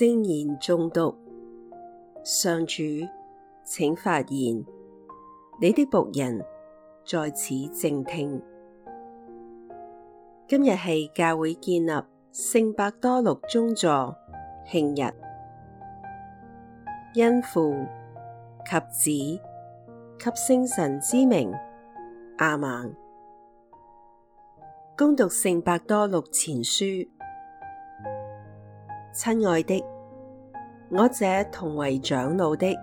聖言誦讀，上主，請發言，你的僕人在此靜聽。今日係教會建立聖伯多祿宗座慶日，因父及子及聖神之名，阿們。恭讀聖伯多祿前書，親愛的。我這同為長老的，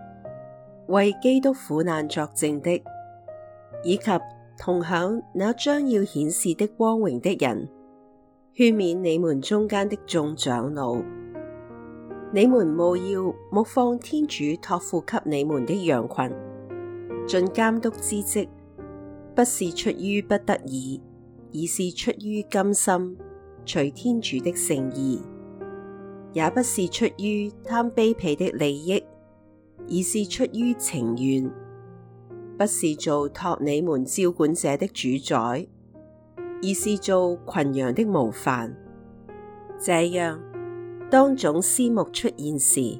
為基督苦難作證的，以及同享那將要顯示的光榮的人，勸勉你們中間的眾長老：你們務要牧放天主托付給你們的羊群，盡監督之職，不是出於不得已，而是出於甘心，隨天主的聖意。也不是出於貪卑鄙的利益，而是出於情願；不是做託你們照管者的主宰，而是做群羊的模範。這樣，當總司牧出現時，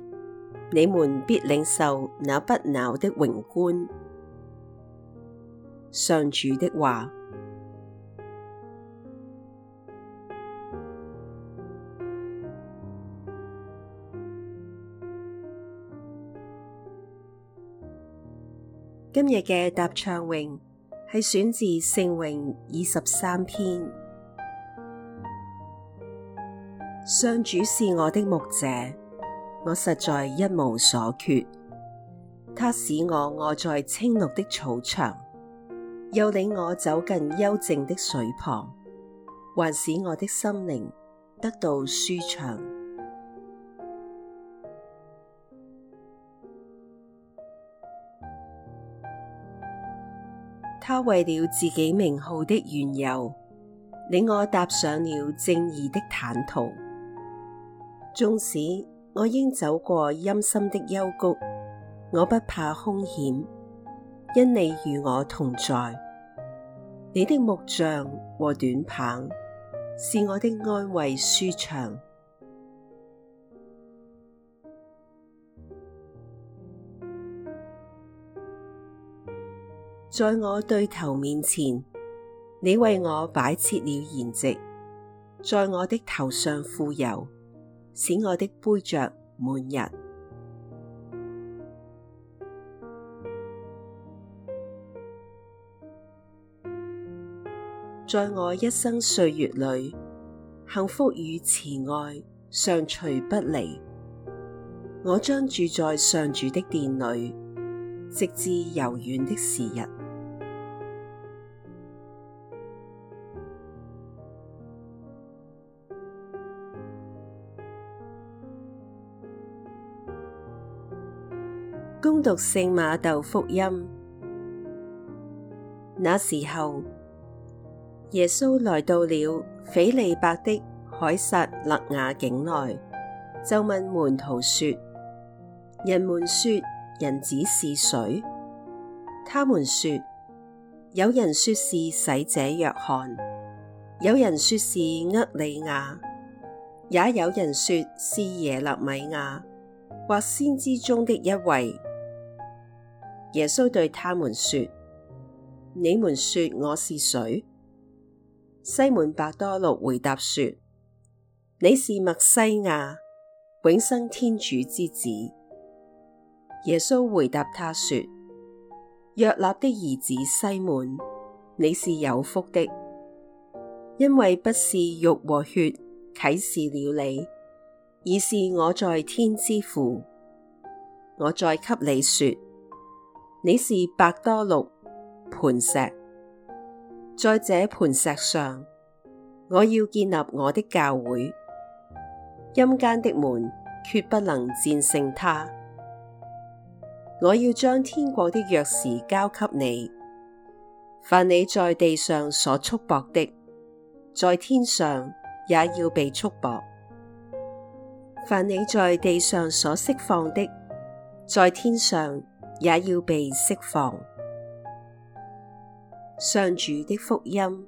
你們必領受那不朽的榮冠。上主的話。今日嘅答唱詠係選自聖詠二十三篇。上主是我的牧者，我實在一無所缺。他使我臥在青綠的草場，又領我走近幽靜的水旁，還使我的心靈得到舒暢。他為了自己名號的原由，領我踏上了正義的坦途。縱使我應走過陰森的幽谷，我不怕凶險，因你與我同在。你的牧杖和短棒，是我的安慰舒暢。在我對頭面前，你為我擺設了筵席，在我的頭上傅油，使我的杯爵滿溢。在我一生歲月裏，幸福與慈愛常隨不離。我將住在上主的殿裏，直至悠遠的時日。恭讀聖瑪竇福音。那時候，耶穌來到了斐理伯的凱撒勒雅境內，就問門徒說：「人們說人子是誰？他們說：有人說是洗者若翰，有人說是厄里亞，也有人說是耶肋米亞或先知中的一位。耶穌對他們說：你們說我是誰？西滿伯多祿回答說：你是默西亞，永生天主之子。耶穌回答他說：約納的兒子西滿，你是有福的，因為不是肉和血啟示了你，而是我在天之父。我再給你說。你是伯多祿磐石，在這磐石上，我要建立我的教會。陰間的門決不能戰勝它。我要將天國的鑰匙交給你。凡你在地上所束縛的，在天上也要被束縛。凡你在地上所釋放的，在天上。也要被釋放。上主的福音。